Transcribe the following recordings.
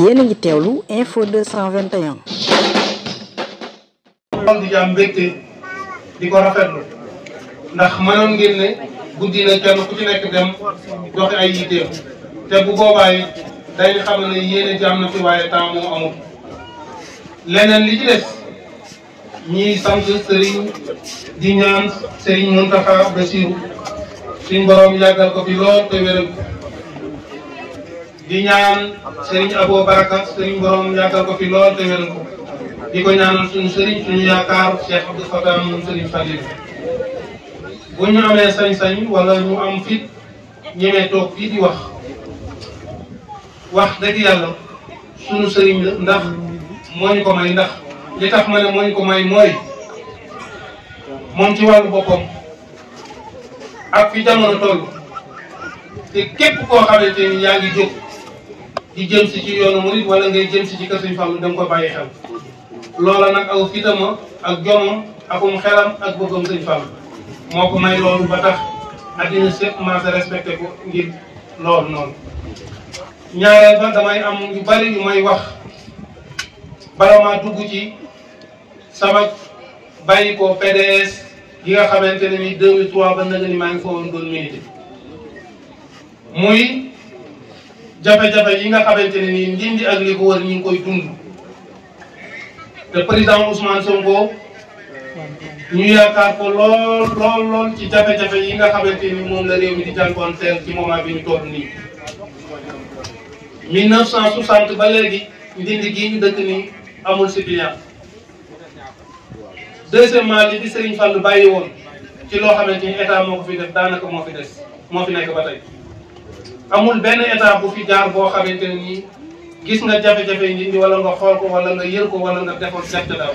yéen a ngi teewlu info 221. kon di am mbégte di ko rafetlu ndax mënoon ngeen guddi na kenn ku ci nekk dem doxi ay yitteem te bu boobaa it dañu xam ne ji am na fi waaye temps moo amul. leneen li ci des ñiy sant Serigne di ñaan Serigne Mountakha Bassirou suñ borom yàggal ko fi lool te wéral di ñaan Serigne Abo Baraka Serigne borom yàggal ko fi lool te wér ko di ko ñaanal suñu Serigne suñu yaakaar Cheikh Abdou Fatah moom Serigne Fallil bu ñu amee sañ-sañ wala ñu am fit ñemee toog fii di wax wax dëgg yàlla suñu Serigne la ndax moo ñu ko may ndax li tax ma ne moo ñu ko may mooy moom ci wàllu boppam ak fi jamono toll te képp koo xamante ni yaa ngi jóg. di jëm si ci yoonu murit wala ngay jëm si ci kër suñu fam da ko bàyyi xel loola nag aw fitama ak jomam akum xelam ak bëggam suñu fam moo ko may loolu ba tax addina sépp ko ngir loolu noonu ñaareel ba damay am yu bari may wax bala dugg ci sama bàyyi ko PDS gi nga xamante ne ni 2003 ba nag ni maa ngi fa woon doon milité muy jafe-jafe yi nga xamante ne nii Ndindi ak li ko wër ñu ngi koy dund te président Ousmane Sonko ñu yaakaar ko lool lool ci jafe-jafe yi nga xamante ni moom la réew mi di jànkuwanteel ci moment bi ñu toog nii. 1960 ba léegi Ndindi gii ñu dëkk nii amul citoyen deuxièmement li fi Serigne Fall bàyyi woon ci loo xamante ni état moo ko fi def daanaka moo fi des moo fi nekk ba tey. amul benn état bu fi jaar boo xamante ne nii gis nga jafe-jafe Ndindi wala nga xool ko wala nga yër ko wala nga defoon secte daw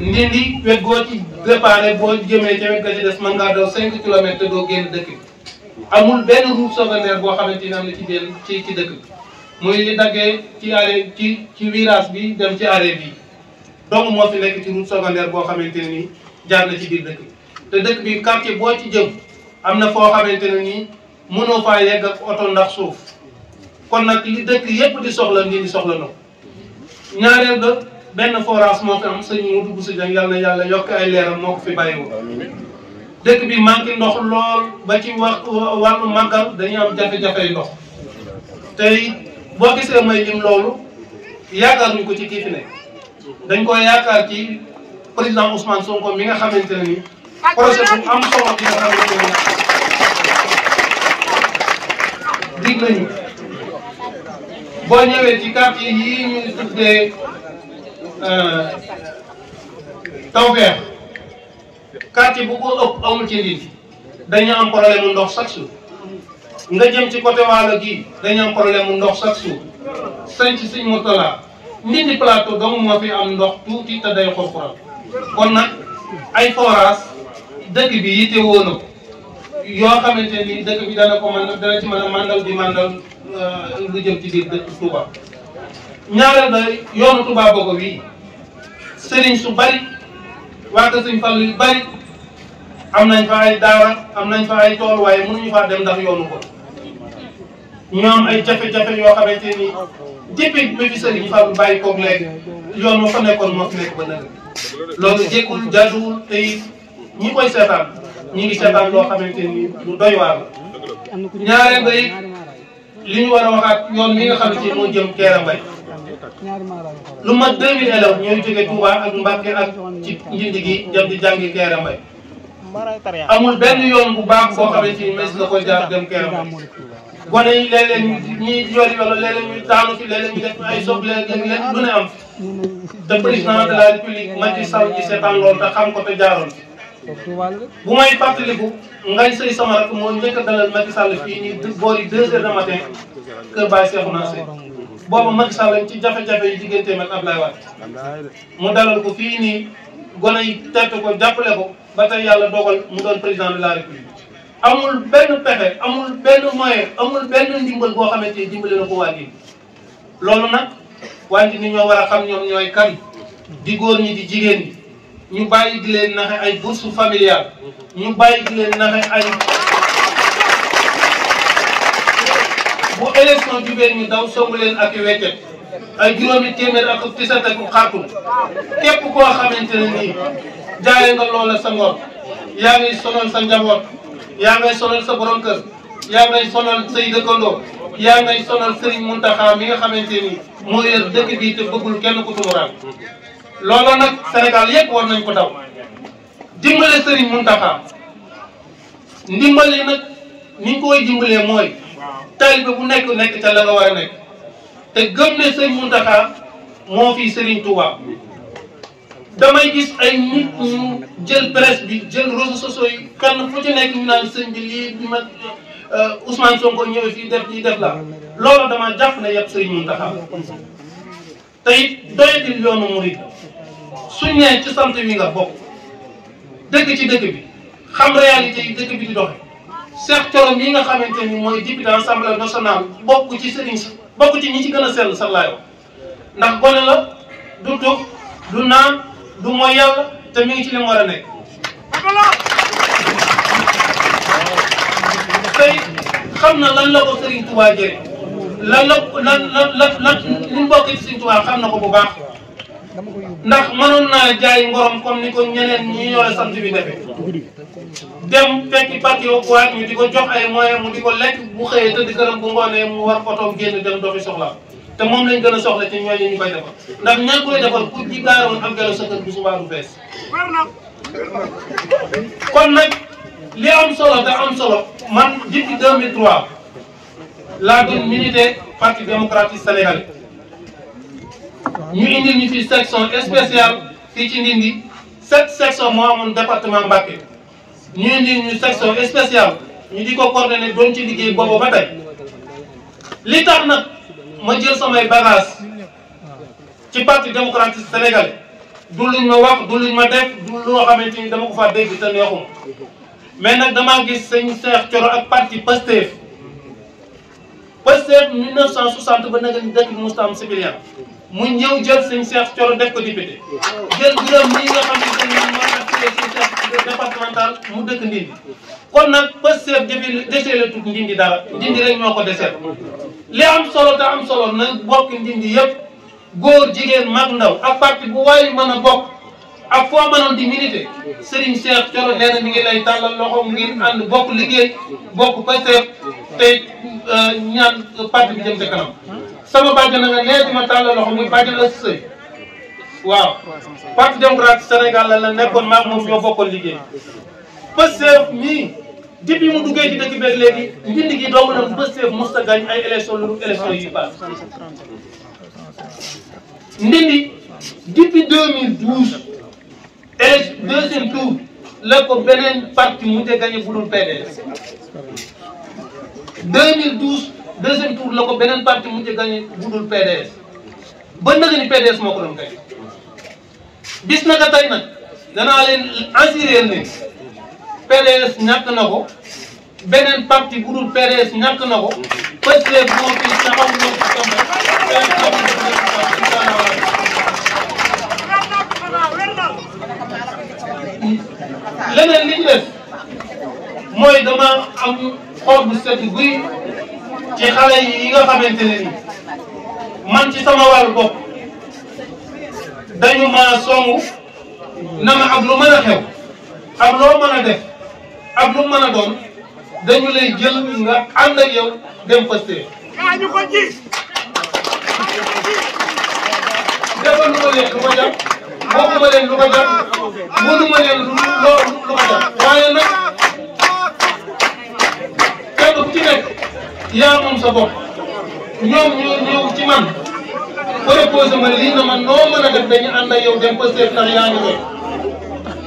Ndindi wet ci déparé boo jëmee ca wet ga ci des mën ngaa daw 5 kilomètres te doo génn amul benn route secondaire boo xamante ni am ci benn ci ci dëkk bi muy daggee ci arrêt ci ci virage bi dem ci arrêt bi doomu moo fi nekk ci route secondaire boo xamante nii jaar na ci biir dëkk bi te dëkk bi quartier boo ci jëm am na foo xamante nii mënoo faa yegg ak ndax suuf kon nag li dëkk yépp di soxla nii di soxla na ñaareel ba benn forage moo fi am sëñ mu dugg si jàng yàlla na yàlla yokk ay leeram moo ko fi bàyyiwul dëkk bi manqué ndox lool ba ci wax wàllu màggal dañuy am jafe-jafey ndox tey boo gisee may lim loolu yaakaar ñu ko ci kii fi ne dañ ko yaakaar ci président Ousmane Sonko mi nga xamante ne ni projet bu am solo bi nga xamante ne dig nañu boo ñëwee ci quartier yii ñu tuddee euh, Tawfekh quartier bu ko ëpp amul ci nit dañu am problème mu ndox chaque jour nga jëm ci côté waalo gi dañu am problème mu ndox chaque jour sanc siñ motala nit dong moo fi am ndox tuuti te day xor kon nag ay forage dëkk bi yitte woon na yoo xamante ni dëkk bi dana ko mën dana ci mën a màndal di màndal euh, lu jëm ci biir dëkk Touba. ñaareel ba yoonu Touba boobu wii sëriñ su bari waa kër Sëriñ Fallu yu bari am nañ fa ay daara am nañ fa ay tool waaye mënuñu faa dem ndax yoonu ko ñoom ay jafe-jafe yoo xamante ni depuis bi fi sëriñ Fallu bàyyi koog léegi yoon moo fa nekkoon moo nekk ba nëgg loolu jékkul jaaduwul te ñi koy seetaan. ñu ngi seetaan loo xamante ni lu doy waa la ñaareel ba li ñu war a waxaat yoon mi nga xamante ni moo jëm Kéré lu mat 2000 élèves ñooy jóge Touba ak Mbacké ak ci njënd gi jëm di jàngi Kéré Mbaye amul benn yoon bu baax boo xamante ni mes na ko jaar dem Kéré Mbaye gone yi léeg-léeg ñuy yor yoon léeg-léeg ñu daanu fi léeg-léeg ñu def ay sob léeg-léeg léeg lu ne am te président de la république Macky ci seetaan loolu te xam ko te jaaroon bu may fàttaliku ngay sëy sama rakk moo njëkk a dalal Macky Sall fii nii du boori 2 heures de matin kër Baye Cheikh Nassé boobu Macky Sall ci jafe-jafe yi digganteem ak Abdoulaye Wade mu dalal ko fii nii gone yi tett ko jàppale ko ba tey yàlla dogal mu doon président de la république amul benn pexe amul benn moyen amul benn ndimbal boo xamante ne dimbale na ko waa ji loolu nag wante ni ñoo war a xam ñoom ñooy kan di góor ñi di jigéen ñi. ñu bàyyi di leen ay bourse familiale ñu bàyyi di leen naxe ay bu élection jubee ñu daw songu leen ak weccet ay juróomi téeméer ak tisat ak xaatum képp koo xamante ne nga loola sa ngor yaa ngay sonal sa njaboot yaa ngay sonal sa borom kër yaa ngay sonal say dëkkandoo yaa ngay sonal Serigne Mountakha mi nga xamante ni moo yor dëkk bi te bëggul kenn ku tumuraan loola nag Sénégal yëpp war nañ ko daw dimbale Serigne Mountakha ndimbal yi nag ni ñu koy dimbalee mooy taalibe bu nekk nekk ca la nga war a nekk te gëm ne Serigne Mountakha moo fi Serigne Touba damay gis ay nit ñu jël presse bi jël réseaux sociaux yi kenn fu ci nekk ñu naan sëñ bi lii bi ma euh, Ousmane Sonko ñëwee fii def lii def la loolu dama jàpp ne yëpp Serigne Mountakha te it doyatil yoonu murid suñ nee ci sant mi nga bokk dëkk ci dëkk bi xam réalité yi dëkk bi di doxe Cheikh Thioro yi nga xamante ni mooy député assemblée nationale bokk ci sëriñ si bokk ci ñi ci gën a sell sa laay ndax gone la du tux du naan du mooy yàlla te mi ngi ci li war a nekk tey xam na lan la ko sëriñ Tuubaa jëriñ lan la lan lan lan li mu bokk sëriñ Tuubaa xam na ko bu baax ndax mënoon naa jaay ngorom comme ni ko ñeneen ñi yore sant bi defee dem fekki parti au pouvoir ñu di ko jox ay moyens mu di ko lekk bu xëyee tëdd këram bu ngoonee mu war otoom génn dem doxi soxla te moom lañ gën a soxla ci ñooñu ñu koy defal ndax ña koy defal ku ji gaaroon ak gelo sa kër bu subaa kon nag li am solo da am solo man di depuis 2003 laa doon milité parti démocratique sénégalais ñu indi ñu fi section spéciale fii ci Ndindi sept section moo amoon département Mbacké ñu indi ñu section spéciale ñu di ko coordonné doon ci liggéey boobu ba tey li tax nag ma jël samay bagage ci parti démocratique sénégalais du luñ ma wax du luñ ma def du loo xamante ni dama ko fa dégg te neexuma mais nag damaa gis sëñ Cheikh Thioro ak parti Pastef Pastef 1960 ba nag ñu dëkk bi mosut am civilian mu ñëw jël sëñ Cheikh Thioro def ko député jël bureau mii nga xam ne moom moo nekk sëñ Cheikh mu dëkk Ndindi kon nag Pastef jëfi desee la tudd Ndindi dara Ndindi ko desee li am solo te am solo na bokk Ndindi yëpp góor jigéen mag ndaw ak parti bu waaye mën a bokk a ak foo mënoon di milité Serigne Cheikh Thioro nee na mi ngi lay tàllal loxo ngir ànd bokk liggéey bokk Pastef te euh, ñaan parti bi jëm ca sama bàjj na nga nee ma tàllal loxo muy bàjj la sëy waaw parti démocrate Sénégal la la nekkoon maag moom ñoo bokkoon liggéey Pastef mii depuis mu duggee ci dëkk beeg léegi ndindi gi doomu na Pastef musta gañ ay élection lu élection yi pass ndindi depuis 2012 élec deuxième tour la ko beneen parti mu te gagné bu dul PDS 2012 deuxième tour la ko beneen parti mu ci gagné budul PDS ba nag ni PDS moo ko doon gagné bis naka tey nag danaa leen assuré ne PDS ñàkk na ko beneen parti budul PDS ñàkk na ko parce que moo fi taxaw ñoo ci tàmbali leneen li ñu def mooy dama am xool bu set guy ci xale yi nga xamante ne ni man ci sama wàllu bopp dañu maa songu na ma ak lu mën xew ak loo mën a dañu lay jël nga ànd ak yow dem Pastef. Ah, ñu ko ji. defal lu ma leen lu ko jàpp waxuma leen lu ko jàpp mënuma leen lu loo waaye nag kenn ku ci nekk. yaa moom sa bopp ñoom ñoo ñëw ci man proposé ma lii na man noo mën a def dañu ànd ak yow dem ba seet ndax yaa ngi koy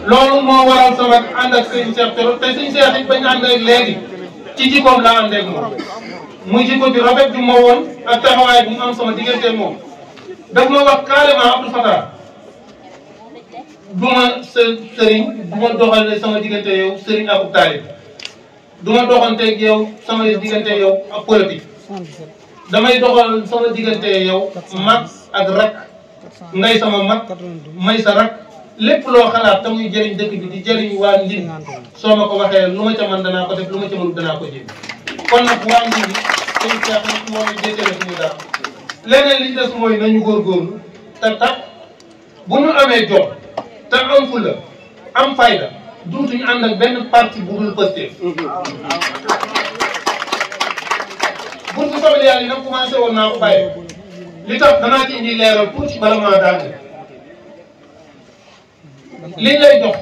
loolu moo waral sama ànd ak sëñ Cheikh te te sëñ Cheikh it bañ ànd ak léegi ci jikkoom laa ànd ak moom muy jikko bi rafet bi ma woon ak taxawaay bu mu am sama diggante moom daf ma wax carrément Abdou Fatah du ma sa sëriñ du ma doxalee sama diggante yow sëriñ ak taalib du ma doxanteeg yow sama diggante yow ak politique damay doxal sama diggante yow mag ak rak ngay sama mag may sa rak lépp loo xalaat te muy jëriñ dëkk bi di jëriñ waa Ndine soo ma ko waxee lu ma ca mën danaa ko def lu ma ca danaa ko jéem kon nag waa Ndine suñu caax nag moom it jëjële daal leneen li des mooy nañu góorgóorlu te tax bu ñu amee jom te am fulla am fayda dootuñu ànd ak benn parti bu dul Pastef. buntu familial yi nag commencé woon naa ko li tax danaa ci indi leeral pour ci bala maa daane liñ lay jox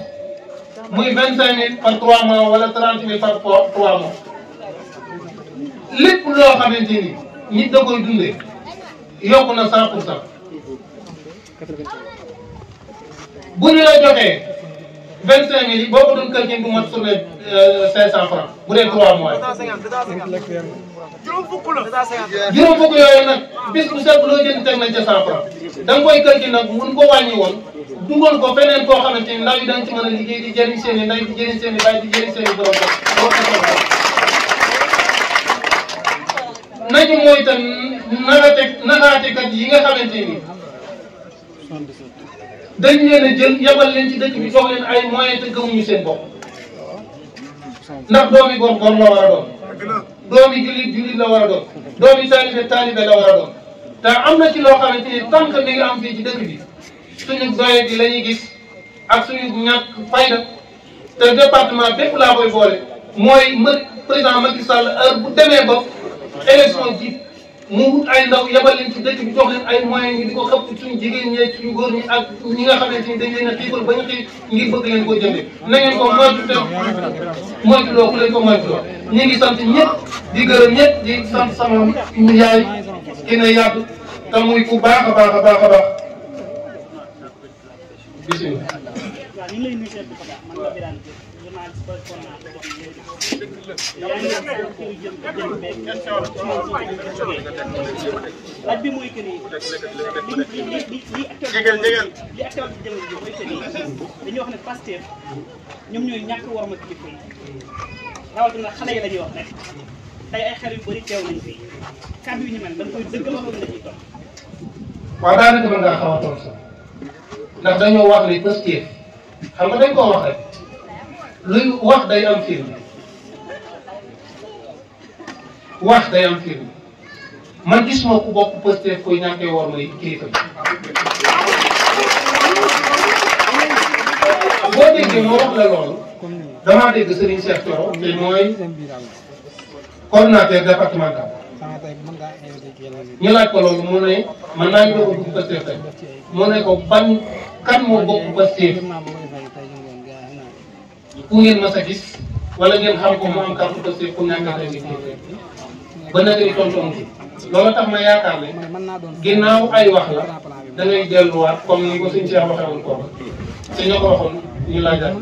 muy vingt cinq mille par trois mois wala trente mille par trois mois lépp loo xamante ni nit da koy dundee yokk na cent pour bu ñu la joxee. vingt cinq mille yi boo ko doon calculer bu mat sauvé euh, cinq cent franc bu dee trois mois yi. juróom fukk yooyu nag bis bu set loo jënd na nañ ca cent franc da nga koy calculer nag mun ko wàññi woon dugal ko feneen koo xamante ni ndaw yi dañ ci mën a liggéey di jëriñ seen i ndey di jëriñ seen i baay di jëriñ seen i borom nañu mooy itam naraate naraatekat yi nga xamante ni. dañ leen a jël yabal leen ci dëkk bi jox leen te gëmuñu seen bopp ndax doomi góor góor la war a doon doomi jullit jullit la war a doon doomi taalibe taalibe la war a te am na ci loo xamante ni tant que mi am fii ci dëkk bi suñu doye bi la ñuy gis ak suñu ñàkk fayda te département bépp laa koy boole mooy ma a Macky Sall heure bu demee ba élection ji mu wut ay ndaw yabal leen ci dëkk bi jox leen ay moyens yi di ko xëpp suñu jigéen ñee suñu góor ñi ak ñi nga xamante ni dañ leen a xiifal ba ñu xiif ngir bëgg leen koo jëndee na ngeen ko moytu te moytu loo ku leen ko moytu loo ñu ngi sant ñëpp di gërëm ñëpp di sant sama yaay ki ne yàgg te muy ku baax a baax a baax a baax bisimilah. laaj bi mooy que ni li li li actuellement li actuellement ci jamono ji mooy que ni dañuy wax ne Pastef ñoom ñooy ñàkk war ma kilifa yi rawatina xale yi la ñuy wax nag tey ay xel yu bëri teew nañ fi kàddu yu ñu mel dañ koy dëggal wala dañuy toog. waaw daanaka mën ngaa xaw a toll sax ndax dañoo wax ne Pastef xam nga dañ koo wax rek luy wax day am firnde. wax day am firnde man gis ma ku bokk Pastef koy ñàkkee war mooy kilifa bi boo déggee moo wax la loolu damaa dégg Serigne Cheikh Thioro te mooy coordonnateur départemental ñu laaj ko loolu mu ne man naa ñu doon dugg mu ne ko ban kan moo bokk Pastef ku ngeen mas wala ngeen xam ko mu am kàddu Pastef ku ñàkk a tey ba nag yi tontu am loolu tax ma yaakaar ne ginnaaw ay wax la da ngay delluwaat comme ni ko suñ Cheikh waxee woon kooku si ñoo ko waxoon ñu ko.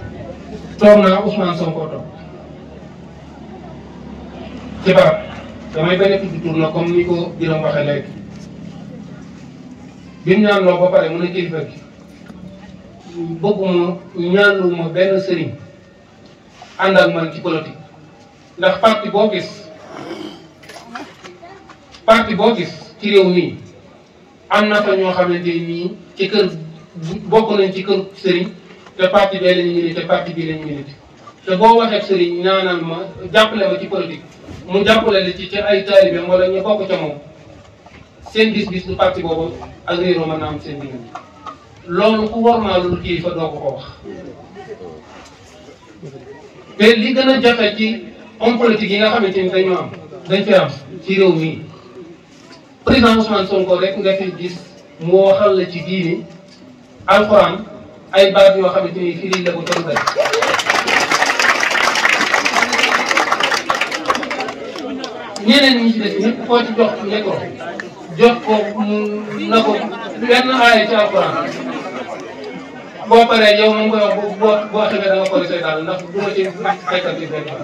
toog naa Ousmane Sonko toog ci barab damay bañ tudd tur na comme ni ko Birame waxee léegi bi mu ñaanloo ba pare mu ne kilifa gi bëgguma ñaanluma benn sëriñ ànd ak man ci politique ndax parti boo gis parti boo gis ci réew mi am na fa ñoo xamante nii ci kër bokk nañ ci kër sëriñ te parti bee la ñu parti bii la ñu milité te boo waxee sëriñ ma jàppale ma ci politique mu jàppale la ci ci ay taalibeem wala ñu bokk ca moom seen gis-gis du parti boobu ak réeroo mën na am seen diggante loolu ku warmaalul kilifa doo ko ko wax te li gën a jafe ci homme politique yi nga xamante ni dañu am dañ fi am ci réew mi président Ousmane Sonko rek nga fi gis mu waxal la ci diini alxuraan ay baat yoo xamante ni firi la ko te du bëri. ñeneen ñi ci des ñëpp koo ci jox ne ko jox ko mu na ko benn aaya ci alquran boo paree yow moom nga wax boo boo boo xamee da nga ko lisee daal ndax bu ma ci fekkal ci benn bopp.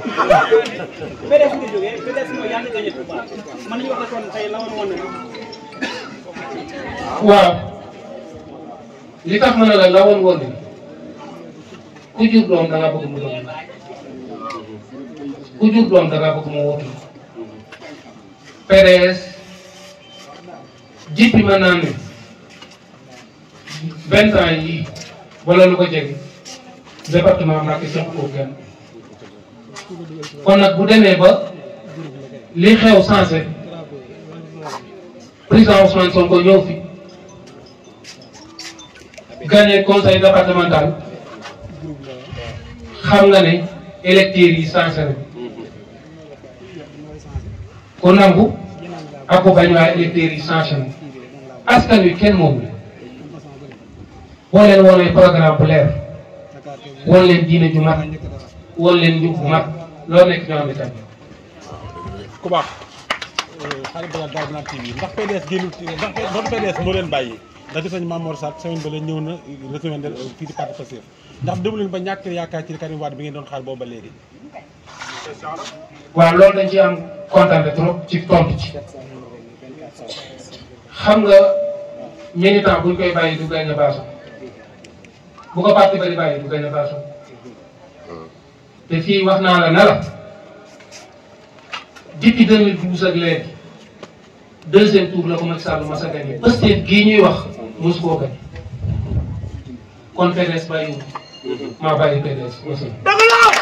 waaw. li tax ma ne la lawoon woon ku jur doom da nga bëgg mu ku jur doom da nga bëgg mu wóotu PDS jippi ma naan ne ko jege département Mbacké jox ko kenn kon nag bu demee ba li xew sensé président Ousmane Sonko ñëw fi gagné conseil départemental xam nga ne électeurs yi changé nangu ak ku bañ waaye électeurs yi changé moom la boo leen programme bu leer woon diine ju mat woon leen njub bu da defe nañu Mamour Sarr semaine ba la ñëw na recommandé fii ci parti Pastef ndax demu leen ba ñàkk yaakaar ci Karim Wade bi ngeen doon xaar boobu ba léegi. waaw loolu dañ ci am kontaan trop ci tontu ci xam nga militant buñ koy bàyyi du gagné baaso bu ko parti bari bàyyi du gagné baaso te fii wax naa la ne la depuis 2012 ak léegi deuxième tour la ko Macky Sall mas a gagné Pastef ñuy wax mosu koo gañ kon PDS bàyyiwul maa bàyyi PDS mosul.